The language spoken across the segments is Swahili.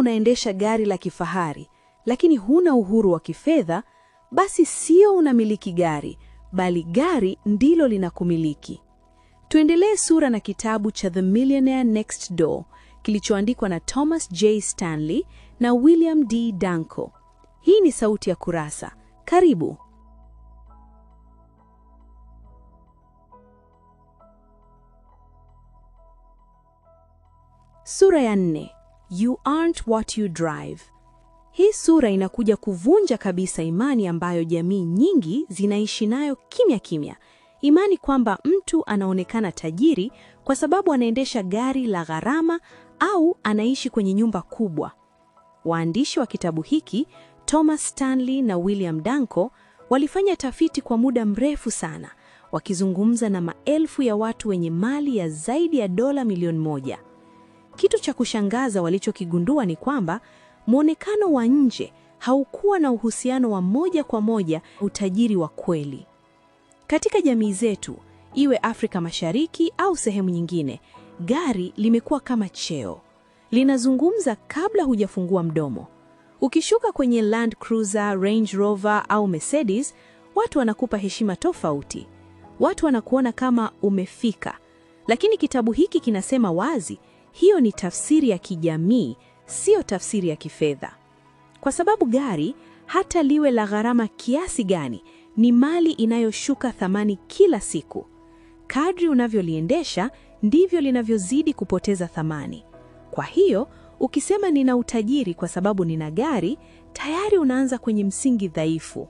unaendesha gari la kifahari lakini huna uhuru wa kifedha, basi sio unamiliki gari, bali gari ndilo linakumiliki. Tuendelee sura na kitabu cha The Millionaire Next Door kilichoandikwa na Thomas J. Stanley na William D. Danko. Hii ni Sauti ya Kurasa. Karibu. Sura ya nne. You aren't what you drive. Hii sura inakuja kuvunja kabisa imani ambayo jamii nyingi zinaishi nayo kimya kimya, imani kwamba mtu anaonekana tajiri kwa sababu anaendesha gari la gharama au anaishi kwenye nyumba kubwa. Waandishi wa kitabu hiki Thomas Stanley na William Danko walifanya tafiti kwa muda mrefu sana, wakizungumza na maelfu ya watu wenye mali ya zaidi ya dola milioni moja. Kitu cha kushangaza walichokigundua ni kwamba mwonekano wa nje haukuwa na uhusiano wa moja kwa moja utajiri wa kweli. Katika jamii zetu, iwe Afrika Mashariki au sehemu nyingine, gari limekuwa kama cheo. Linazungumza kabla hujafungua mdomo. Ukishuka kwenye Land Cruiser, Range Rover au Mercedes, watu wanakupa heshima tofauti. Watu wanakuona kama umefika. Lakini kitabu hiki kinasema wazi hiyo ni tafsiri ya kijamii, siyo tafsiri ya kifedha, kwa sababu gari, hata liwe la gharama kiasi gani, ni mali inayoshuka thamani kila siku. Kadri unavyoliendesha ndivyo linavyozidi kupoteza thamani. Kwa hiyo ukisema nina utajiri kwa sababu nina gari, tayari unaanza kwenye msingi dhaifu.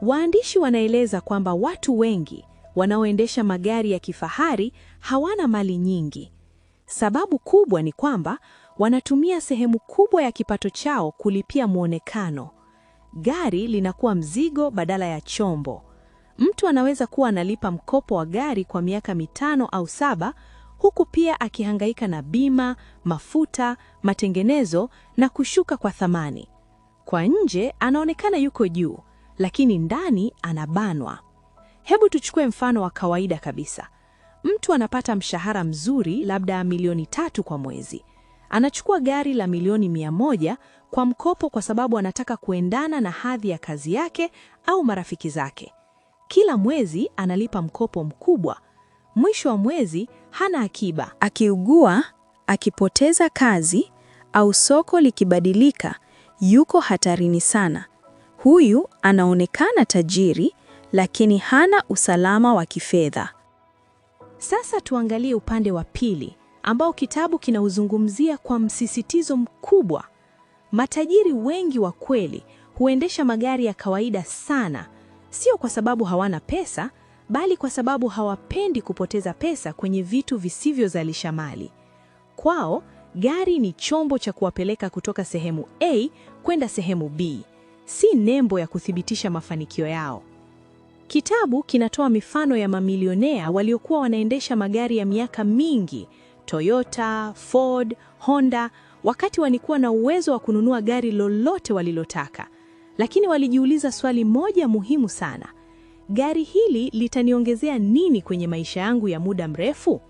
Waandishi wanaeleza kwamba watu wengi wanaoendesha magari ya kifahari hawana mali nyingi, Sababu kubwa ni kwamba wanatumia sehemu kubwa ya kipato chao kulipia mwonekano. Gari linakuwa mzigo badala ya chombo. Mtu anaweza kuwa analipa mkopo wa gari kwa miaka mitano au saba huku pia akihangaika na bima, mafuta, matengenezo na kushuka kwa thamani. Kwa nje anaonekana yuko juu, lakini ndani anabanwa. Hebu tuchukue mfano wa kawaida kabisa. Mtu anapata mshahara mzuri, labda milioni tatu kwa mwezi, anachukua gari la milioni mia moja kwa mkopo, kwa sababu anataka kuendana na hadhi ya kazi yake au marafiki zake. Kila mwezi analipa mkopo mkubwa. Mwisho wa mwezi hana akiba. Akiugua, akipoteza kazi au soko likibadilika, yuko hatarini sana. Huyu anaonekana tajiri, lakini hana usalama wa kifedha. Sasa tuangalie upande wa pili ambao kitabu kinauzungumzia kwa msisitizo mkubwa. Matajiri wengi wa kweli huendesha magari ya kawaida sana, sio kwa sababu hawana pesa, bali kwa sababu hawapendi kupoteza pesa kwenye vitu visivyozalisha mali. Kwao gari ni chombo cha kuwapeleka kutoka sehemu A kwenda sehemu B, si nembo ya kuthibitisha mafanikio yao. Kitabu kinatoa mifano ya mamilionea waliokuwa wanaendesha magari ya miaka mingi, Toyota, Ford, Honda, wakati walikuwa na uwezo wa kununua gari lolote walilotaka. Lakini walijiuliza swali moja muhimu sana. Gari hili litaniongezea nini kwenye maisha yangu ya muda mrefu?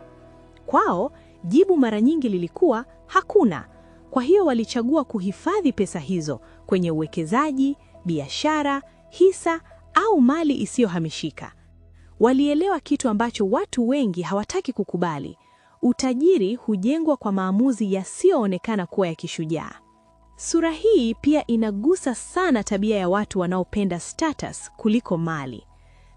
Kwao, jibu mara nyingi lilikuwa hakuna. Kwa hiyo walichagua kuhifadhi pesa hizo kwenye uwekezaji, biashara, hisa au mali isiyohamishika. Walielewa kitu ambacho watu wengi hawataki kukubali: utajiri hujengwa kwa maamuzi yasiyoonekana kuwa ya kishujaa. Sura hii pia inagusa sana tabia ya watu wanaopenda status kuliko mali.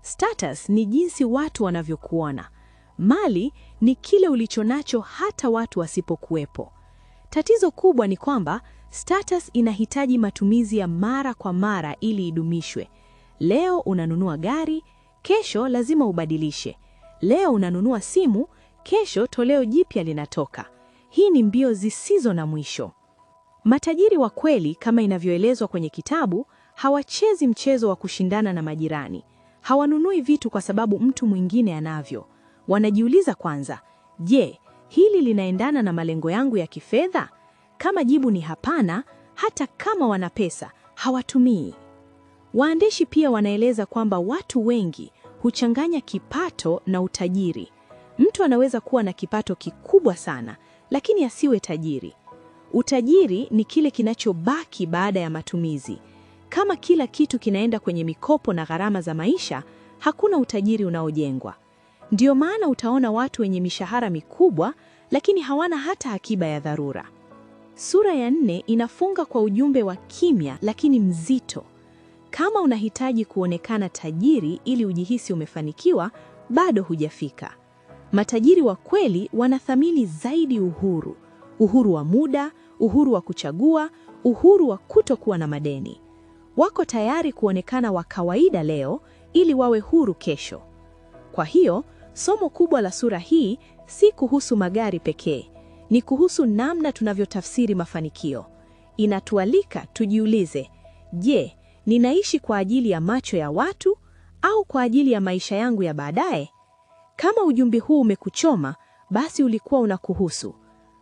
Status ni jinsi watu wanavyokuona. Mali ni kile ulicho nacho hata watu wasipokuwepo. Tatizo kubwa ni kwamba status inahitaji matumizi ya mara kwa mara ili idumishwe. Leo unanunua gari, kesho lazima ubadilishe. Leo unanunua simu, kesho toleo jipya linatoka. Hii ni mbio zisizo na mwisho. Matajiri wa kweli, kama inavyoelezwa kwenye kitabu, hawachezi mchezo wa kushindana na majirani. Hawanunui vitu kwa sababu mtu mwingine anavyo. Wanajiuliza kwanza, je, hili linaendana na malengo yangu ya kifedha? Kama jibu ni hapana, hata kama wana pesa hawatumii. Waandishi pia wanaeleza kwamba watu wengi huchanganya kipato na utajiri. Mtu anaweza kuwa na kipato kikubwa sana, lakini asiwe tajiri. Utajiri ni kile kinachobaki baada ya matumizi. Kama kila kitu kinaenda kwenye mikopo na gharama za maisha, hakuna utajiri unaojengwa. Ndiyo maana utaona watu wenye mishahara mikubwa lakini hawana hata akiba ya dharura. Sura ya nne inafunga kwa ujumbe wa kimya lakini mzito. Kama unahitaji kuonekana tajiri ili ujihisi umefanikiwa, bado hujafika. Matajiri wa kweli wanathamini zaidi uhuru, uhuru wa muda, uhuru wa kuchagua, uhuru wa kutokuwa na madeni. Wako tayari kuonekana wa kawaida leo ili wawe huru kesho. Kwa hiyo, somo kubwa la sura hii si kuhusu magari pekee, ni kuhusu namna tunavyotafsiri mafanikio. Inatualika tujiulize, je, ninaishi kwa ajili ya macho ya watu au kwa ajili ya maisha yangu ya baadaye? Kama ujumbe huu umekuchoma, basi ulikuwa unakuhusu.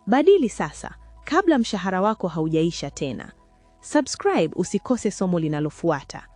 Badili sasa, kabla mshahara wako haujaisha tena. Subscribe usikose somo linalofuata.